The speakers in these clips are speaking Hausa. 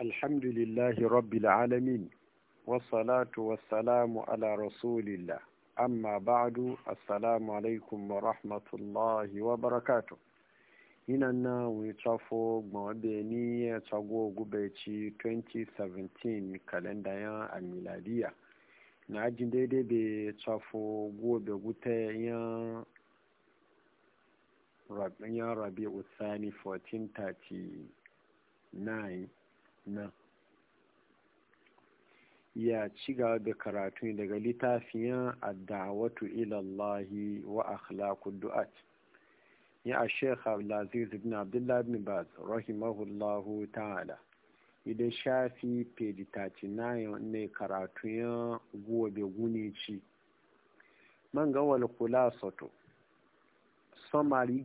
alhamdulillahi rabbil alamin wasalatu wasalamu ala rasulillah amma ba'du assalamu alaikum wa rahmatullahi wa barakatu ina na wutafo gbọmọbe ni ya tsago gubeci 2017 kalendayen a miladiya na ajin daidai be tafo gobe gute yan rabi'u sani 1439 nan ya ci gaba da karatu daga littafiyan addawatu ilallahi wa akhlaqu du'at ya a sheikh abdulaziz ibn abdullah ibn baz rahimahullahu ta'ala idan shafi page 39 ne ya gobe gunici man ga wal khulasatu samari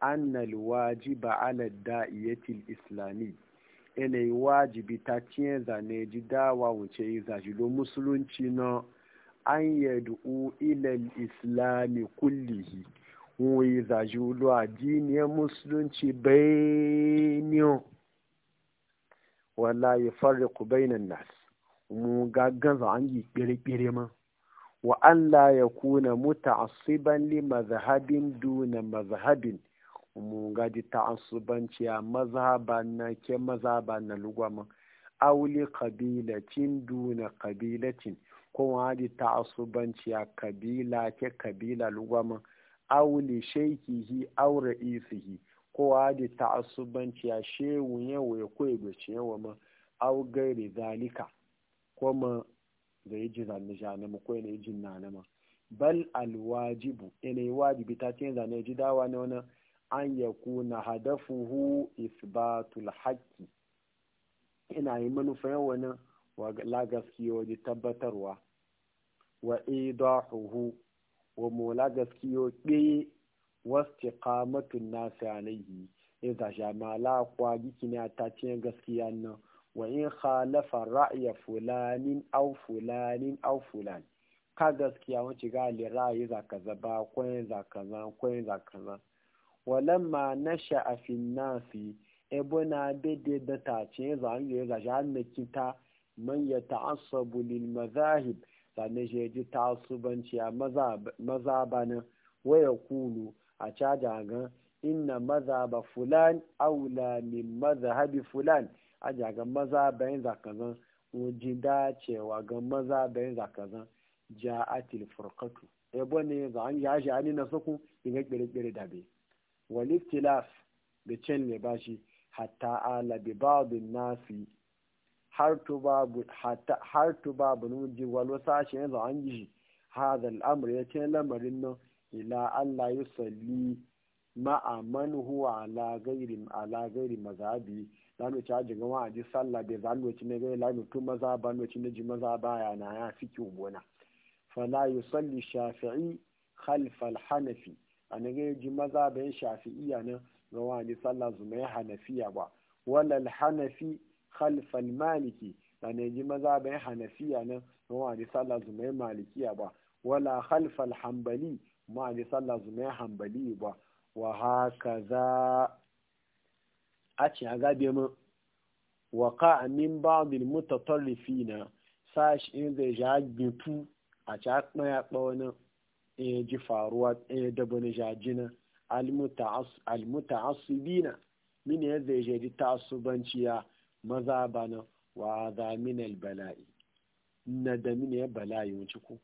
anna al wajiba ala da'iyati al-islamiyya yanayi wajibi ta ciye zane ji dawa wuce yi zajilo musulunci na an yadu ilal islami kullihi wuyi zajilo addiniyar musulunci bayaniyo wala ya farriku bainan nas mu gaggaza an yi kere ma wa an la ya kuna mutu asiban li mazhabin duna mazhabin mu gadi ta'assubanci a mazhaba na ke mazhaba na lugwama auli cin duna cin ko wadi ta'assubanci a kabila ke kabila lugwama auli shaikihi aw ra'isihi ko wadi ta'assubanci a Shehu yawa ya koyi e gwace yawa ma aw gairi zalika ko ma da yi jiran na ko yana yi jin na ma bal alwajibu yana yi wajibi ta ce zane ji dawa na wani an yakuna hadafuhu isbatul haqqi ina yi manufa wani la gaskiyoyi tabbatarwa wa idahuhu wa la gaskiyo ɗaya wasu kamatun nasu alayhi ya zasha la kwa gikina ta ce gaskiya nan wa in khalafa ra'ya fulanin au fulanin au fulani ka gaskiya wacce ga ali ra'ayi zaka zaba kwayin zaka zan zan walamma na sha'afin nasi ebo na daidai da ta ce zan yi ga jami'in ta man ya ta'assabu lil mazahib ne shi ji ta'assubanci a mazabana waya kulu a caja ga inna mazaba fulan aula min mazhabi fulan a jaga mazabayin zakazan wajen dacewa ga mazabayin zakazan ja'atil furqatu ebo ne zan yaji ani na suku inga kire kire dabe waliftilaf da can ne ba shi hatta ala bi babin nasi har tu babu nuji walo sashen yanzu an yi hada al'amur ya ce lamarin nan ila Allah ya salli ma'aman huwa ala gairi ala gairi mazabi zamu ci ajin gama a ji sallah bai zamu ci ne gairi lanu tun maza ba mu ci ji maza ba ya na ya fiki gona fala yusalli shafi'i khalfa al-hanafi a na ji maza bayan shafi'iya nan ga wani sallah zuma ya hanafiya ba walal hanafi khalfal maliki a na gaji maza bayan hanafiya nan ga wani sallah zuma ya malikiya ba wala khalfal hambali ma ne sallah zuma ya hambali ba wa haka za a ce a gabe mu waka min ba'dil na sashi in zai ja a ci akpa ya kpa wani Eh, ji faruwa eh da bani jajina mini yadda ya zai jadi banciya maza bana wa za min albala'i na da mini ya bala'i wuce ku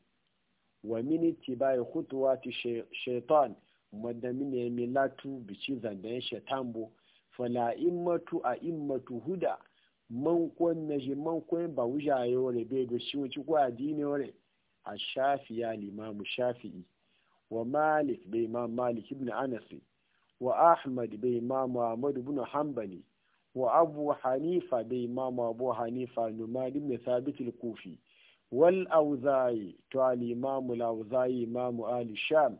wa min ittiba'i khutuwati shaytan madda min ya milatu bici zandan shaitan bu fala immatu a immatu huda man kon na ji man ba wujaye wale be shi wuce ku addini wale a shafiya limamu shafi'i wa malik bai ma malik ibn anasi wa ahmad bai ma muhammad ibn hanbali wa abu hanifa bai ma abu hanifa numan ibn thabit al-kufi wal auza'i to al-imam al-auza'i imam al-sham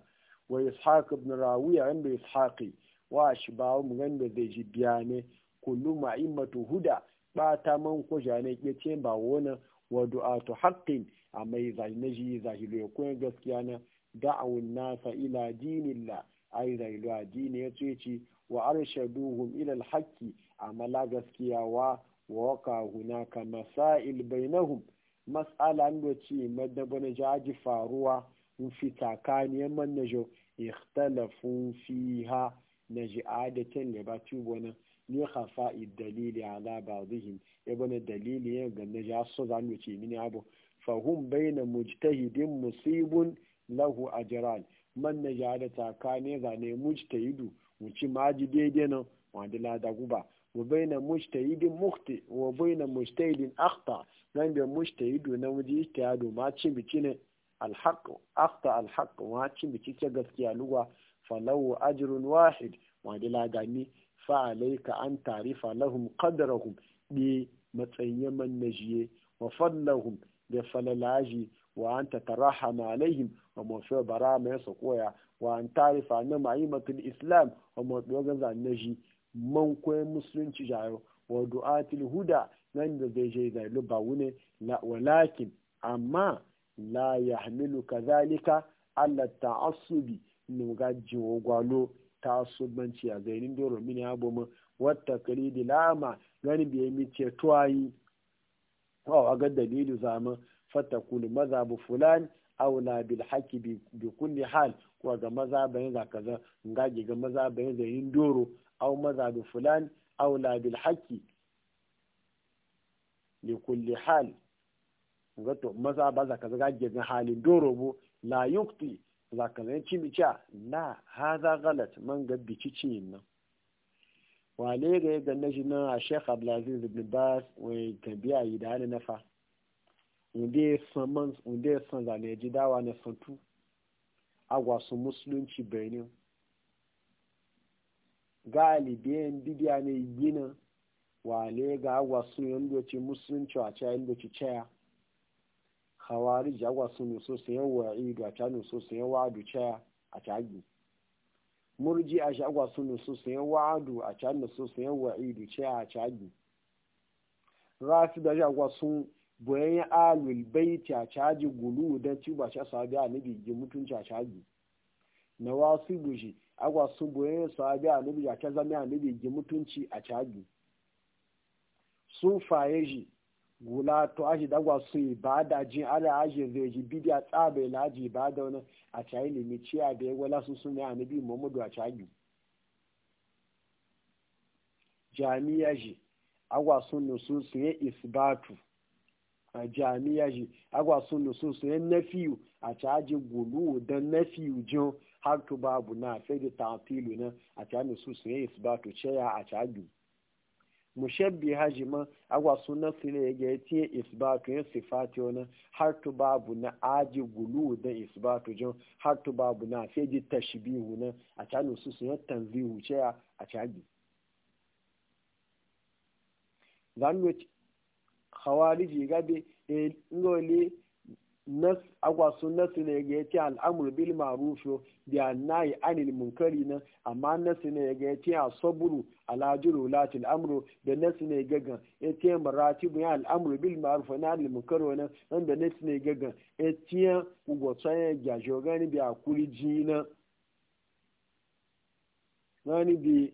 wa ishaq ibn rawiya inda ishaqi wa shibawu mu ganda zai ji biyane kullu ma'immatu huda ba ta man ko jane ke ce ba wona wa du'atu haqqin a mai zai na ji ko gaskiya na da'awun nasa ila dinillah ai railu addini ya ce ci wa arshaduhum ila alhaqi amala gaskiya wa waka hunaka masail bainahum mas'ala ndo ci madabana jaji faruwa in fita kaniyar mannajo ikhtalafun fiha na ji adatin da ba ci wani ne hafa dalili ala ba zuhin ibana dalili ya ga na ja su zanu ce mini abu fahum baina mujtahidin musibun lahu ajran man na ja da tsakane zane mujtahidu wuci maji daidai nan wanda lada guba wa baina mujtahidin mukhti wa baina mujtahidin akhta nan da mujtahidu na wuji ijtihadu ma cin biki ne alhaq akhta alhaq ma cin biki ta gaskiya lugwa falahu ajrun wahid wanda lada ni fa alayka an tarifa lahum qadrahum bi matsayin man najiye wa fadlahum da falalaji wa an tarahama alaihim ọmọ fẹ́ bara mẹ́sọ̀ kó ya n tari tarifa na yi matul islam ọmọ zan na ji man kwe musulunci jayo wa du'atil huda nan da zai je zai luba wune walakin amma la ya kazalika allah ta'assubi ne ga jiwo gwalo ta'assubanci a zainin doro mini mu wata kari lama gani bai mi ce tuwayi wa ga dalilu zama fatakulu mazabu fulani aula bil haki bi kulli hal ko ga maza bayan za kaza nga ga maza bayan da yin doro aw maza bi fulan aula bil haki bi kulli hal ga maza ba za kaza ga ga halin doro bo la yukti za kaza ci cimica na hada galat man ga bici nan wale ga ga na shi na shekh Abdulaziz ibn Bas wai tabiya yi da na fa. wunde san man wunde san zane ji dawa na santu agwa su musulunci benin galibiyan na ne na wale ga agwa su yandoci musulunci a caya yandoci caya hawari agwa su nuso su yan wa'i ga ta nuso su yan wa'adu caya a cagi murji a shi agwa su nuso su yan wa'adu a can nuso su yan wa'idu caya a cagi rafi da agwa sun boyan ya alul bai cacaji gulu don ci ba ca sabi a nabi ji mutun cacaji na wasu gushi agwa su boyan ya sabi a nabi ya ta zama a nabi ji mutunci a caji sun faye shi gula to ashi dagwa su yi ba ji ala aji zai ji bidiya tsabai laji ba da wani a cayi limi ciya da ya wala sun suna a nabi muhammadu a caji jami'a shi agwa sun nusu su yi isbatu jami'a ji agwa sun nusu su yan nafiyu a caji gulu dan nafiyu jin har tu babu na sai da tafilu na a caji nusu su yan isbatu ceya a caji mushabbi haji ma agwa sun nasu ne ga ya tiye isbatu yan sifati wani har tu babu na aji gulu dan isbatu jin har tu babu na sai da tashbihu na a caji nusu su yan tanzihu ceya a caji. Language khawariji gabe e, ngole nas agwa sunnatu ne ga yace al'amru bil ma'ruf bi annahi anil munkari na amma nasu ne ga yace asabru ala jurulatil amru da nasu ne gaga e yace maratibu ya al'amru bil ma'ruf na anil munkari na wanda nasu ne gaga yace ugo tsaya ga e jogani bi akuri jina nani bi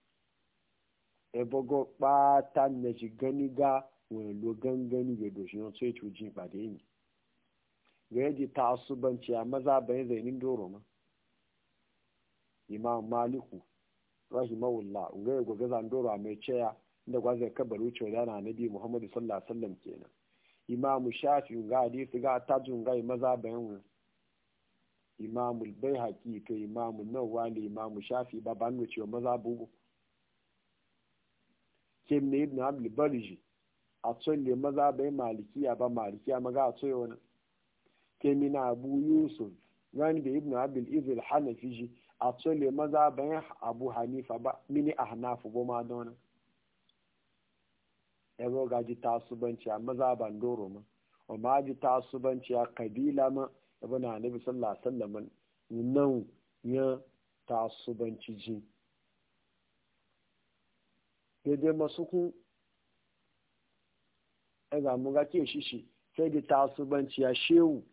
ebogo kpata na shi gani ga wani lo gangani ga doshi na tsoye cuji ba da yi ga yaji ta asubanci a maza bayan zainin doro ma imam maliku rahimahullah ga ya gobe doro a mai ceya inda gwazai kabar wuce da na nabi muhammadu sallallahu alaihi wasallam kenan imam shafi ga hadisi ga tajun ga maza bayan wani imam bai haƙi to imam nawa ne imam shafi baban ban wuce maza bugu kem ne ibn Abul bariji a tsolle maza bai malikiya ba malikiya maga a tsoye wani kemi na abu yusuf gani da ibn abdul izil hanafi ji a tsolle maza bai abu hanifa ba mini a hanafu goma da wani ga ji tasubanci a maza ban doro ma o ma ji tasubanci a kabila ma yabo na nabi sallallahu alaihi wasallam nan ya tasubanci ji daidai masu kun e ga mu ga ke shi sai da tasubanci ya shewu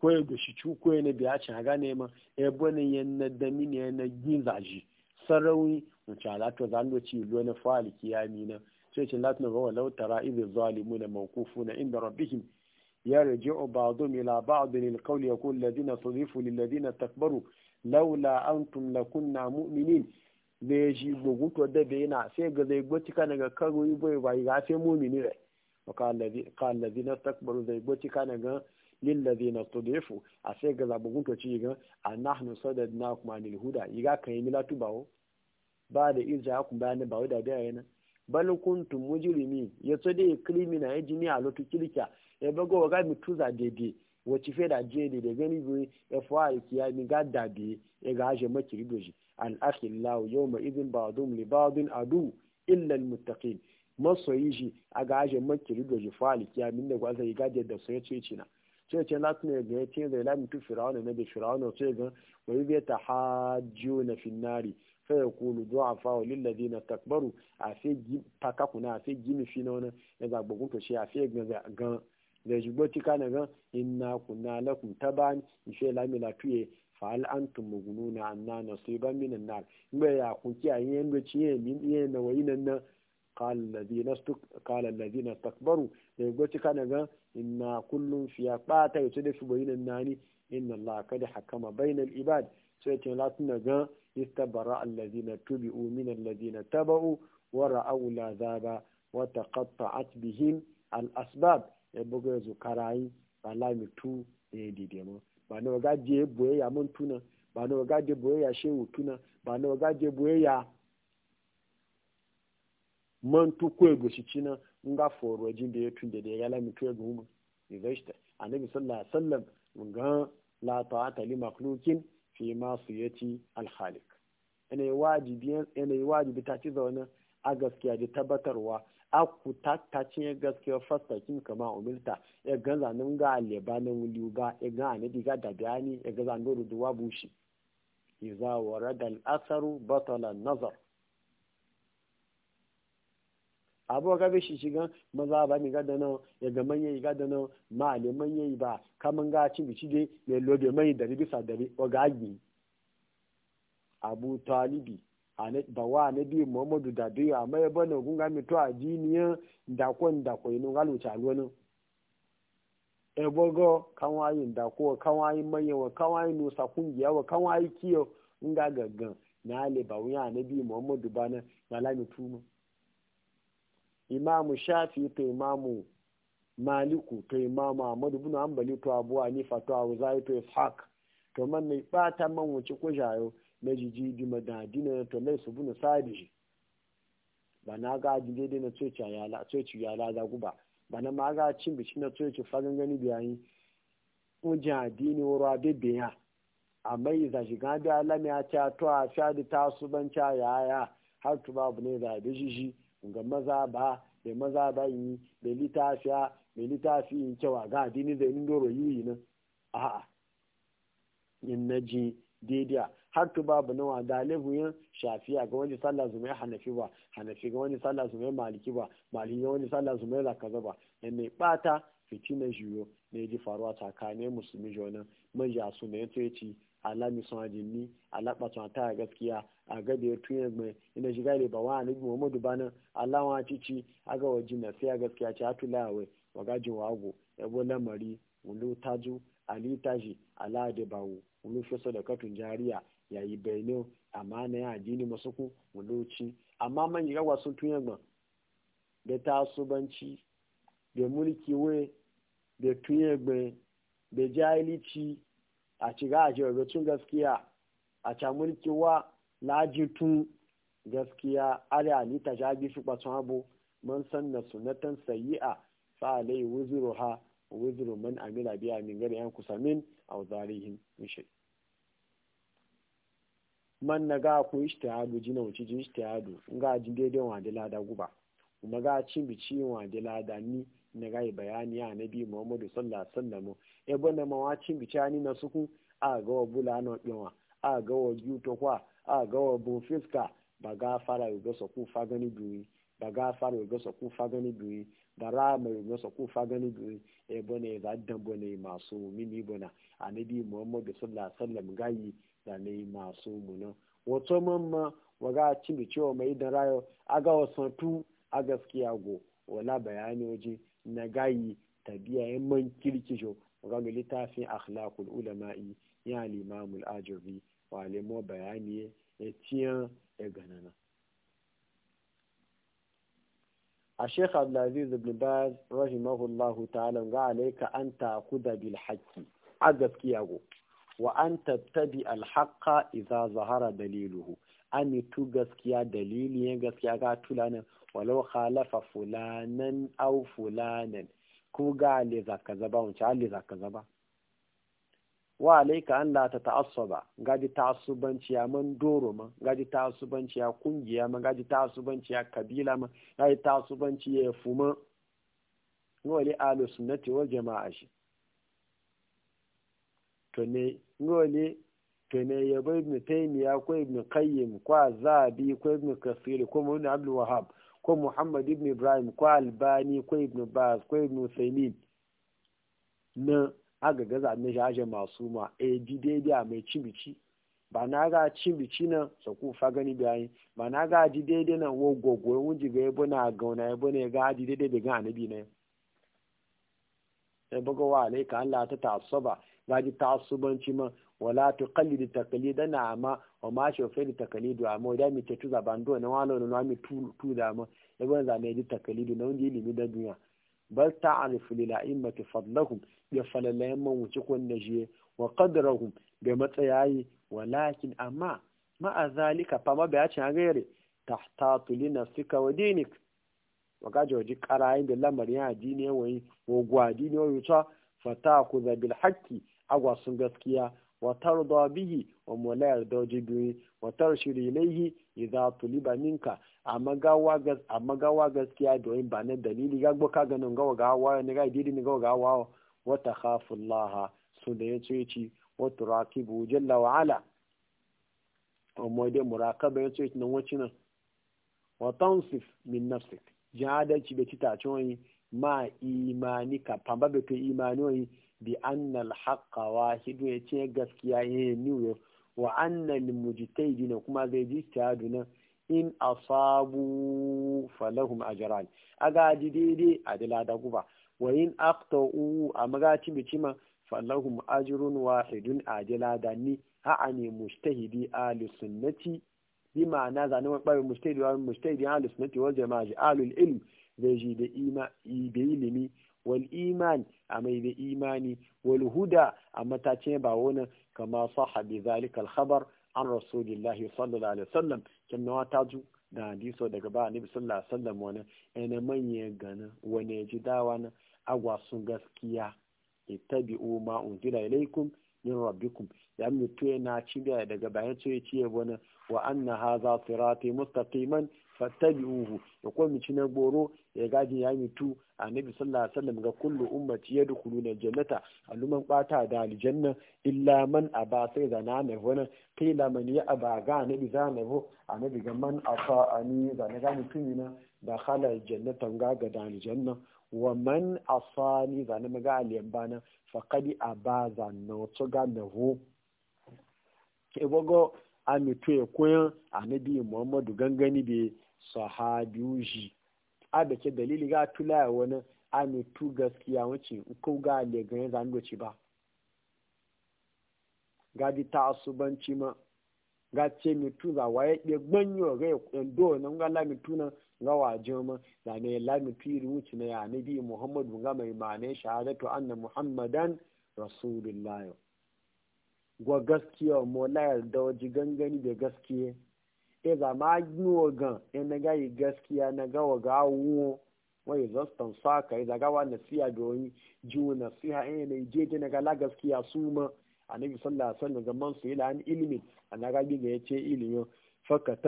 ko e ya shi cu na biya cin haga ne ebe ne bani na dami ne na gin zaji sarauni mace alato za ci na fali kiyami na sai ce latin rawa lautara izi zalimu na mawkufu na inda rabbihim يرجع بعضهم إلى بعض للقول يقول الذين صدفوا للذين استكبروا لولا mu'minin da ya shi gogun to da bai na sai ga zai gwaci kana ga karo yi bai bai ga sai mumini rai kan lazi na takbaru zai gwaci kana ga lillazi na studefu a sai ga zaɓi to ci ga a nahnu sadad na kuma nil huda yi ga kan yi milatu bawo ba da irja kun bayanin bawo da biya yana bal kuntum mujrimi ya so dai na ya jini a lotu kirkiya ya bago ga tuza daidai wacce fe da je da gani bi ya fa ya kiya mi ga dabe ya ga je makiri doji al'akhillahu yau ma izin li libadun adu illal muttaqin masoyi shi a ga makiri da jifali kiya min da gwaza yi gajiyar da sai ce cina na ce na tuna ga ya zai lamin mutu firawuna na da firawuna sai ga wai zai ta hajjiyo na finnari sai ya kulu zuwa fawo lillazi na takbaru a sai takakuna a sai gimi fi na wani ya zagbagun to shi a sai ga da shigo tika na ga inna kunna lakum taban shi lamila tuye fa'al antum mugununa anna nasiban minan na ime ya ku a yin do ci na wayinan na qala alladhina stuk qala alladhina da go ci kana ga inna kullun fiya qata yace da su bayinan nani inna da hakama bainal ibad sai ce la na ga na tubi uminan min na taba'u wa ra'aw zaba wata kafa a al asbab ya buga zukarayi alamitu ne didemo ba na waga je boyayya mun tuna ba na waga je ya shehu tuna ba na waga je boyayya man tu ko ego shi cina nga foro jin da ya tunde da ya lami to ego mu ni gaishta annabi sallallahu alaihi wasallam nga la ta'ata li makhluqin fi ma siyati al khaliq ene wajibi ene wajibi ta ci zauna a gaskiya da tabbatarwa aku tattace gaskiyar fasta kin kama umilta ya e ga zanen ga aleba na wuli ba ya e ga anabi ga da bayani ya e ga zanen ruduwa bushi iza warada al'asaru batala nazar abu ga bi shi shigan maza ba ni gada nan ya ga yi da nan ma ale manya ba kaman ga cin bici dai mai lobe mai dari bisa dari wa ga abu talibi bawa na bi muhammadu da biyu amma ya bane kun ga mito ni yan dakon dakon inu galu calonin ebogo kanwayin dako kanwayin manyan wa kanwayin nusa kungiya wa kanwayin kiyo in gaggan na ale ba wuya na bi muhammadu ba na malami tuma imamu shafi to imamu maliku to imamu ahmadu bin hanbali to abu hanifa to awuzai to ishaq to man mai bata man wuce kujayo na jiji bi madadina to lai su buna sadiji ba na ga jide dai na tsoci yala ya yala guba ba na ma ga cin bici na tsoci fagen gani biyayi wajen adini wuro abebe ya a mai za shi gan biya lami a ta to a fiya ta su ban ca yaya har tu babu ne da bi jiji ga maza ba da maza ba yi da litafiya da litafi yin cewa ga adini da indoro yi nan a'a in naji dediya daidai har tu babu nawa da yin shafiya ga wani sallah zumai hanafi ba hanafi ga wani sallah zumai maliki ba maliki ga wani sallah zumai lakaza ba ne mai bata fitina juyo ne ji faruwa tsakanin musulmi jona manja su ne ya ci alami sun ajinni alaba sun ta gaskiya a gabe ya tuyen mai ina shiga ne ba wa annabi muhammadu bana alawa ci cici aga waje na sai gaskiya ci hatu wa wagaji wago yabo lamari wulu taju ali taji ala de bawo wulu da katun jariya yayi baino amma na ya addini masu ku muluci amma man yi sun tuyan gban da tasubanci da mulki we da tuyan gban da jahilici a cika a jirgin gaskiya a ca mulki wa lajitun gaskiya ari alita ta bi su kwatsun abu man na sunatan sayi'a fa alai wuzuru ha wuzuru man amila biya min gari yan kusamin a zarihim min man na ga ku ijtihadu jina wuce ji ijtihadu nga jin daidai wa da lada guba kuma ga cin bici wa da lada ni na ga bayani ya nabi muhammadu sallallahu alaihi wasallam e bonna ma mawa cin bici ani na suku a ga wa bulano dinwa a ga wa yuto kwa a ga wa bu fiska ba ga fara yugo so ku fa gani duyi ba ga fara yugo so ku fa gani duyi ba ra ma yugo so ku fa gani duyi e bonna ya zaddan bonna masu mini bonna annabi muhammadu sallallahu alaihi wasallam yi. da masu muna wato mamma waga cibi cewa mai da rayo wasu wasantu a gaskiya go wala bayani waje na gayi tabiya yan man ga waga ta littafin akhlaqul ulama'i ya limamul ajabi wa lemo bayani ya ciya ya ganana a sheikh abdulaziz ibn baz rahimahullahu ta'ala ga alayka an da bil haqqi a gaskiya go wa an tattabi alhaqa idza zahara daliluhu ani tu gaskiya dalili ne gaskiya ga tulanin walau khalafa fulanan aw fulanan ku ga le zaka zaba wancan ali zaka zaba wa alaika an la ta ta'assaba gaji ta'assubanci ya man doro ma gaji ta'assubanci ya kungiya ma gaji ta'assubanci ya kabila ma gaji ta'assubanci ya fuma wali ahlus sunnati wal jama'a shi to ne ngole kene ya bai ibn taymiya ko ibn qayyim ko azabi ko ibn kasir ko ibn abdul wahab ko muhammad ibn ibrahim ko albani ko ibn baz ko ibn usaymin na aga gaza na jaje masu ma e ji daidai a mai cibici ba na ga cibici nan sa ku fa gani bayan ba na ga ji daidai na wo gogo wunji ga yabo na gauna yabo ne ga ji daidai da ga annabi ne sai e buga wa alaika Allah ta tasaba gaji subanci ma wala tuqallid taqlidan amma wa ma shafi taqlidu amma da mi ce tuza bando na wala na mi tu tu da ma e ban za da ji na wani ilimi da duniya bal ta'rif lil a'immati fadlahum ya falalayan man wuce kun najiye wa qadrahum bi matsayayi walakin amma ma'a zalika fa ma a gaire tahtatu li sika wa dinik wa gaje da lamarin addini wai wa gwadi ne wa yuta ku bil alhaki agwasun gaskiya wa tarda bihi wa mola yarda biyu wa tarshiru ilaihi idza tuliba minka amma gawa gas gaskiya domin ba na dalili ga gboka ganin gawa hawa ne ga didi ne gawa hawa wa takhafu laha su da ce ci wa bu jalla wa ala amma dai murakaba ce ci nan wacin nan wa tansif min nafsik jihadar adalci da ci ta ma imani ka pamba bai kai imani bi annal haqqa wahidu ya ce gaskiya ya niyo wa annal mujtahidin kuma zai ji taduna in asabu falahum ajran aga ji daidai adila da guba wa in aqta'u amaga ci bicima falahum ajrun wahidun adila da ni ha ani mujtahidi ahli sunnati bima na zanu wa mujtahidi wa mujtahidi ahli sunnati wal jama'a ahlul ilm zai ji da ima ilimi wal iman a mai da imani wal huda a matace ba wani kama sahabi zalika al-khabar an rasulillahi sallallahu alaihi wasallam kin nawa ta ju da hadiso daga ba annabi sallallahu alaihi wasallam wani ina manye gana wani ji dawa na agwa sun gaskiya ittabi'u ma unzila ilaykum min rabbikum ya mutu yana da daga bayan sai ce wani wa anna hadha sirati mustaqiman fattabi'uhu ya kuma mi na goro ya gaji ya mitu nabi sallallahu alaihi wasallam ga kullu ummati yadkhuluna jannata alluman bata da aljanna illa man aba sai da na ne kai kila man ya aba ga annabi za ne ho annabi ga man afa ani da ne ga mutumi na da khala jannata ga ga da aljanna wa man asani za na ga aliyan bana faqadi aba za no to ga ne ho ebogo koyan ekoyan annabi muhammadu gangani be sahabiyu ke dalili ga ya wani amitu gaskiya wacce ko ga da ganin zan doci ba ga di ta asubanci ma ga ce tu za waye ɗe gbanyo ga ndo na ga la tu na ga waje ma da ne la mitu iri wuce na ya bi muhammadu ga mai mane shahadatu anna muhammadan rasulullahi gwa gaskiya mo la da waje gangani da gaskiya e za ma yiwo gan in e na gaskiya na gawa ga wuwo yi zastan saka e e yi zagawa siya ga wani jiwo siya in yana yi jeje na gala gaskiya su ma a annabi sallah a wasallam zaman su yi la'an ilimin a na gabi biga ya ce ilimin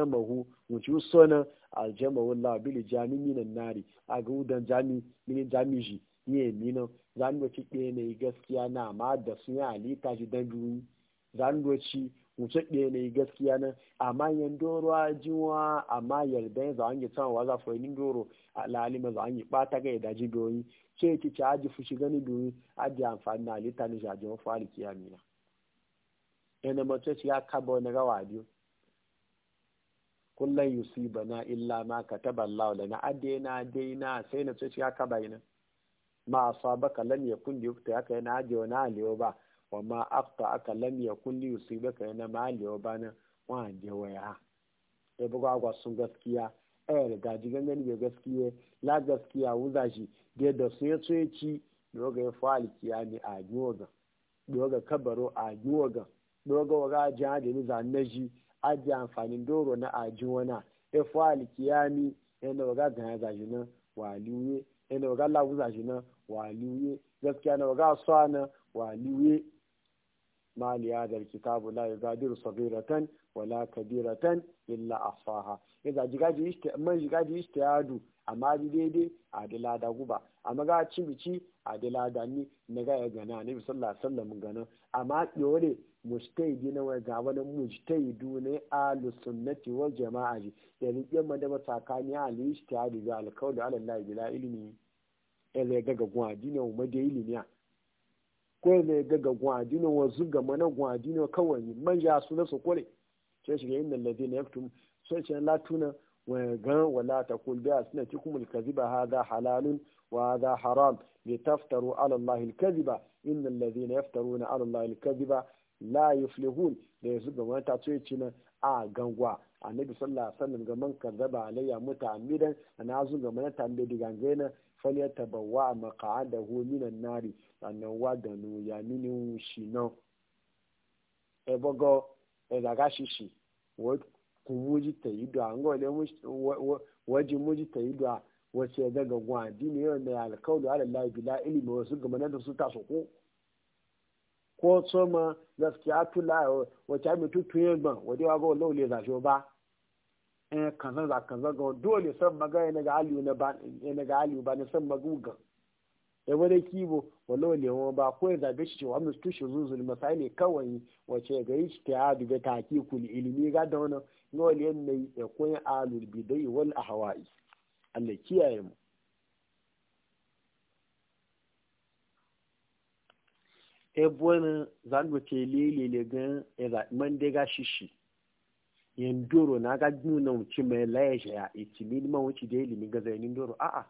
mahu wuce sona aljama wala bili jami mina nari a ga wudan jami mini jami ji ne mina zan doci ɗaya ne gaskiya na ma da sun yi alita shi dan biyu zan doci wuce ɗaya ne gaskiya nan amma yan doro a jiwa amma yarda ya zawon yi tsawon za fa yi doro a lalima a yi ɓata ga yadda ji doyi ce ki ci aji fushi gani doyi ji amfani na alita ni jajen wa fari kiyamina yana mace ci ya kaba wani rawa biyu kullum ba na illa ma ka taba na adai na adai na sai na ce ci ya kaba na ma ya lam ya bi ya kai na aje wani alewa ba wa ma afta aka lam yakun li yusibaka yana ma aliyo bana wa je waya sai buga agwa sun gaskiya eh riga ji gangan bai gaskiya la gaskiya wuza shi da sun yaso ya ci doga ya fali a yoga doga kabaro a yoga doga waga jan da ni zanaji amfanin doro na ya e fali kiyami yana waga ganya zaji waliwe yana waga waliwe gaskiya na waga na waliwe ma li hadha alkitabu la yughadiru saghiratan wala kabiratan illa ahsaha idza jigaji ishti man jigaji istiyadu amma di daidai a da lada guba amma ga cin bici a da lada ni na ga ya gana ne sallallahu alaihi wasallam gana amma dole mujtahidi na wai ga wani mujtahidu ne ahlus sunnati wal jama'a ji da rike madaba tsakani al istiyadu da alqawli ala la ilaha illa ilmi ele ga ga gwa dinin umma da ilmiya kwai ne ga gwadino wa zuga mana gwadino kawai man ya su na su kore sai shi ga inda lafi na yaktu sai shi la tuna wa ga wala taqul bi asnatikum ha hadha halalun wa hadha haram litaftaru ala inda lafi na alladhina na ala allahi alkaziba la yuflihun da ya zuga wata tsoye na a gangwa annabi sallallahu alaihi wasallam ga man kazzaba alayya mutamidan ana zuga mana tambe diga digangaina falyatabawa maq'adahu minan nari sannan wadanu ya mini shi nan ebogo ku muji ta yi tayido ango le waji muji ta yi tayido wace daga gwa dini yau da alkaulu ala la bila ilimi wasu gamanar da su ta su ko ko tsoma gaskiya tula wace mai tutu yin ban wadewa ga wallo le zasho ba in eh, kanzan za kanzan ga dole san maga ya ga aliyu na ba yana ga aliyu ba na san maguga ya eh, wani kibo walau lewa ba ko ya zabe shi cewa musu tushe zuzuri masai ne kawai wace ga yi shi ta dube ta ki kun ilimi ga da wani nole yan yi ya koyi alul bidai wal hawaii Allah kiyaye mu ebwana eh, zangote lele le gan era mande ga shishi yan doro na ga nuna wuce mai laye shaya iti minima wuce da ilimin gaza yanin doro a'a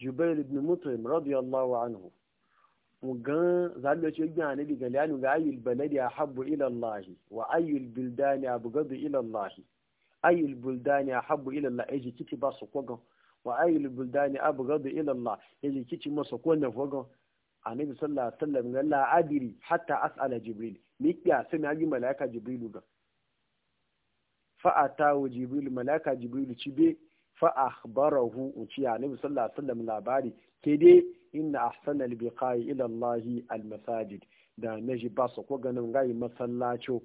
jubair ibn mutum radiyallahu anhu gan zaɓe ce gina na daga liyanu ga ayyul baladi a habbu ilallahi wa ayyul bildani abu gadu ilallahi ayyul buldani a habbu ilallahi ya jikiti ba su kogon wa ayyul buldani abu gadu ilallahi ya jikiti masu kogon annabi sallallahu alaihi wasallam la adiri hatta as'ala jibril miƙiya sai na yi malaka jibrilu ga fa'ata wa jibrilu malaka jibrilu ci be barahu uci ya nabi sallallahu alaihi wasallam labari ke dai inna ahsana albiqai ila Allah almasajid da naji ba su ko ganin gayi masallaco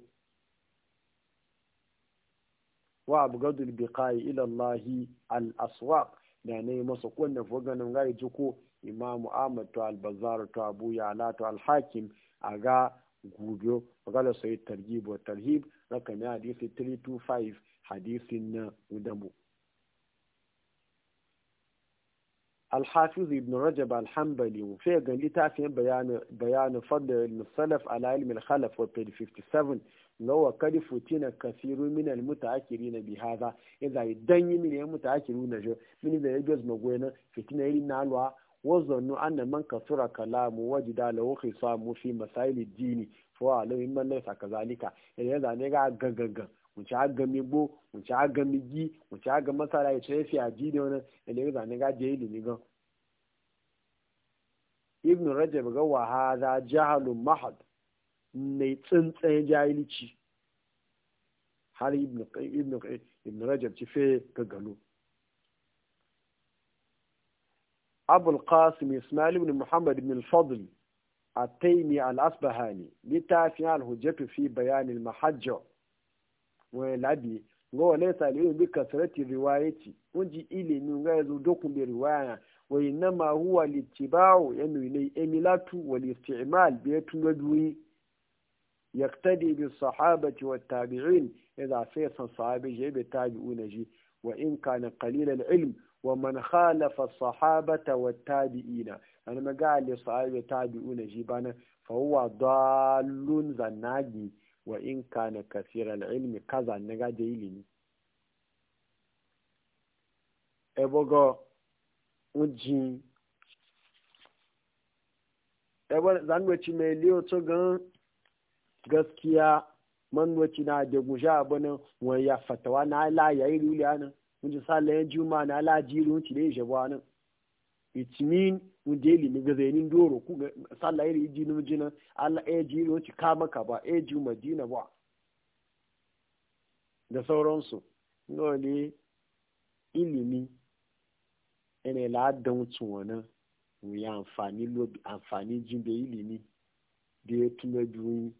wa abgadul biqai ila Allah alaswaq da ne masa ko na fo ganin gayi jiko imamu Ahmad to albazar to Abu Ya'la to alhakim aga gobe wakilar sai tarhib wa tarhib na kamar hadisi 325 hadisi na idanmu alhafizu ibn rajab alhambali mu fiye gan littafin bayanu fadda ya ilmi salaf ala ilmi alhalaf wa page 57 lowa kadi futi na kasi ruminan muta ake rina ya zai danyi mini ya muta ake runa shi mini zai na fiti na yi naluwa wazannu anna man kasura kalamu wajida lahu khisamu fi masail dini fa alayhi man sa kazalika yanzu an ga gagaga mun ci aga mi gbo mun ci mi gi mun a aga masara ya ce fi aji da wani yanzu an ga je ilimi gan ibn rajab ga wa hadha jahalun mahad ne tsintsin jahilci har ibn Raja ibn rajab ci fe gagalo أبو القاسم إسماعيل بن محمد بن الفضل التيمي الأسبهاني لتافي عنه جب في بيان المحجة والعبي هو ليس عليهم بكثرة الرواية ونجي إلي من غير دوكم برواية وإنما هو الاتباع يعني إلي إميلات والاستعمال بيت مدوي يقتدي بالصحابة والتابعين إذا فيصل صحابي جيب التابعون جيب وإن كان قليل العلم ومن خالف الصحابة والتابعين أنا ما قال لصحابة والتابعون جيبانا فهو ضال زناجي وإن كان كثير العلم كذا نجا لي ebogo أجين ebo زنوة ci mai liyo gaskiya man wace na da guja bana wa ya fatawa na ala ya yi ruli ana mun ji juma na ala jiri ci da jabo ana it mean mun deli ni ga doro ku ga sallan iri ji ni jina ala e jiri mun ci ka maka ba e ju madina ba da sauransu ne ilimi ene la dan tuwana mu ya amfani lo amfani jin da ilimi da ya tuna duniya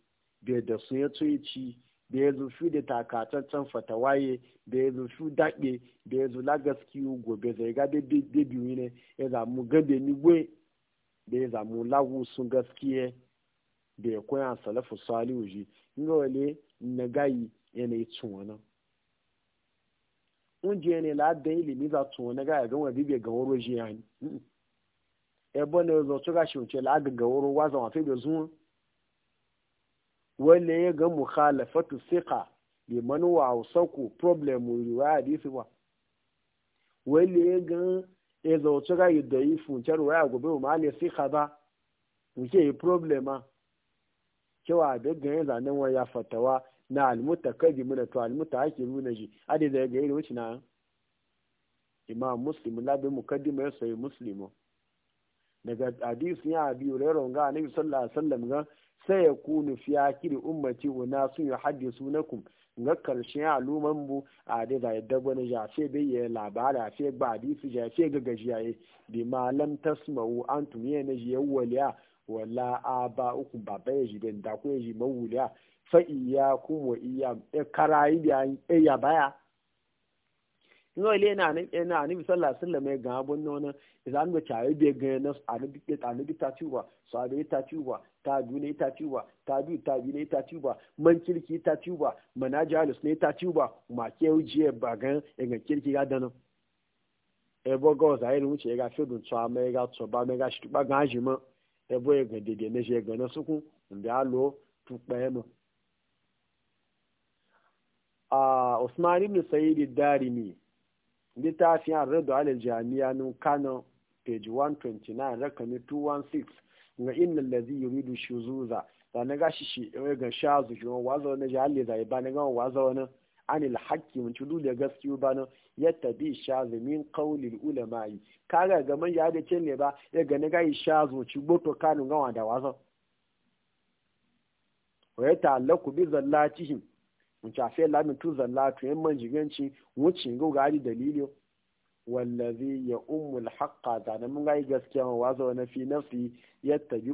bai da su ya tsoyici da ya zufi da takataccen fatawaye da ya zufi daɓe da ya zula gaskiyu gobe zai ga biyu ne ya zamu gabe ni gwe da ya zamu lagu sun gaskiye da ya koya salafu salihu ji inga wale na gayi yanayi tsuwanan unje ne la da ilimi za tsuwa na gaya ga wani bai ga woro ji yani ebe ne zo tsuga shi wuce la ga woro wazan wato bai zuwa wanda ya ga mukhalafatu siqa bi man wa usaku problem riwaya hadisi ba wanda ya ga ya zauce ga yadda yi funcar waya gobe ma ne siqa ba muke yi a cewa da ganin zanen waya fatawa na almuta kaji muna to almuta ake nuna shi ade da ga irin wuce na imam muslim bi mukaddima ya sayi muslimu daga hadisi ya abi rairon ga annabi sallallahu alaihi wasallam ga sai ya kunu fi akiri ummati wuna sun yi haddi sunakun ga karshen aluman bu a da da yadda wani jafe bai yi labari a ba di su jafe ga gajiyaye bi malam tasma'u an tumiye na jiye waliya wala a uku baba ya jibe da ku ya ji mawuliya fa iya kuma iya e karayi da e ya baya ngo ile na ni na ni bi sallallahu alaihi wasallam ga abun nona idan ga chaye be ga na ani bi ani bi tatuwa sabe ta tabi ne tatuwa ta tabi ne tatuwa man kirki tatuwa jalus ne tatuwa ma ke uje ba ga kirki ga dana bo go za irin wuce ga fidun tsawa mai ga ba ma ga shi ba ga shi ma e ga de ne shi ga na suku mbi alo pe ema a usman ibn sayyid ad-darimi littafin arredo alil jami'a nun kano page 129 rakami 216 ga inna lazi shi zuza da na gashi shi eh, ga sha zuki wani wazo wani jali zai ba na gama wazo wani anil haƙƙi mun ci dole gaskiyu ba na yadda bi shazu min kaulil ulama'i kaga ga man ya da ce ne ba ya ga na gashi shazu ci gboto kanu gawa da wazo wa ya ta'allaku bi zallatihim wuce afe lamin tu zallatu yan man jiganci wuce ga gari dalilin wallazi ya umu haqqa da na mun gayi gaskiya wa wazo na fi nafsi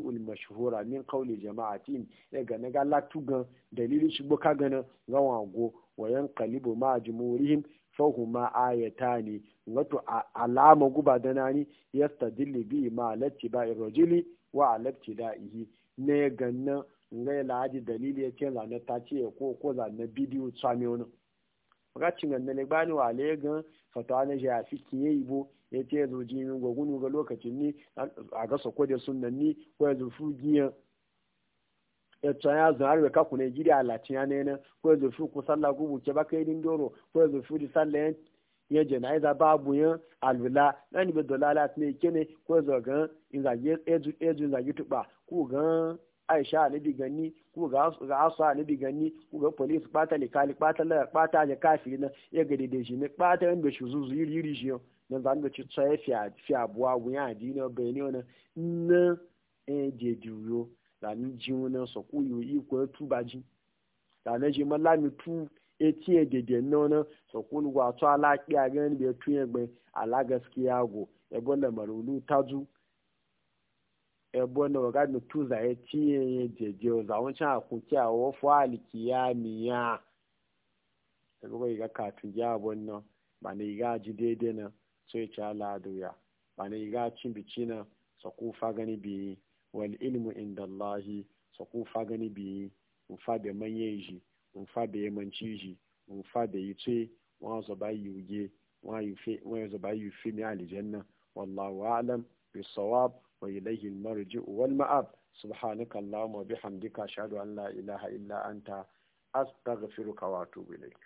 ul mashhura min qawli jama'atin ya ga na galla ga dalilin shi boka gana ga wago wa qalibu ma jumurihim fahuma ayatani wato alama guba da nani yastadilli bi ma latti rajuli wa alatti da'ihi ne ganna ngai laji dalili ya ce zane ta ce ko ko zane bidiyo tsami wani magacin ganda ne bani wa legan fatawa na shi a fiki ya yi bo ya ce zo min gwagunu ga lokacin ni a ga sako da sunan ni ko ya zufu giyan ya tsaya zuwa da kaku ne gidi a latin ya nena ko ya zufu ku sallah gubu ke baka yi dindoro ko ya zufu di sallah ya janaiza babu yan alwala na ni be dolala ne kene ko zo gan in zage eju eju zage tuba ku gan aisha alibi bi ganni ku ga asa ne bi ganni ku ga police kpata le kali pata la pata je kafi na ya ga dede shi ne pata en be shuzu yiri yiri shi na zan ga ci tsaye fiya fiya buwa wuya adina bayani ona na e je juyo la ni jiwo na so ku yo iko tubaji la na ji mala mi tu eti e dede na ona so ku lu wa to ala ki a ga ni be tu egbe ala gaskiya go e go marulu taju ebo na waga mi tu za ye tiye ye jeje o za won a, ku kya wo fa alikiya miya ebo ko iga ka tu ja bon no ba ne iga ji daidai na so ye cha la du ya ba ne iga cin bici na so ku fa gani bi wal ilmu inda allahi so ku fa gani bi in fa be manye ji in fa be yamanci ji in fa be yi tse wa zo ba yuge wa yufe wa yi ba yufe mi aljanna wallahu a'lam bisawab wa ilayhi al-marji wal ma'ab subhanaka allahumma bihamdika ashhadu an la ilaha illa anta astaghfiruka wa atubu ilayk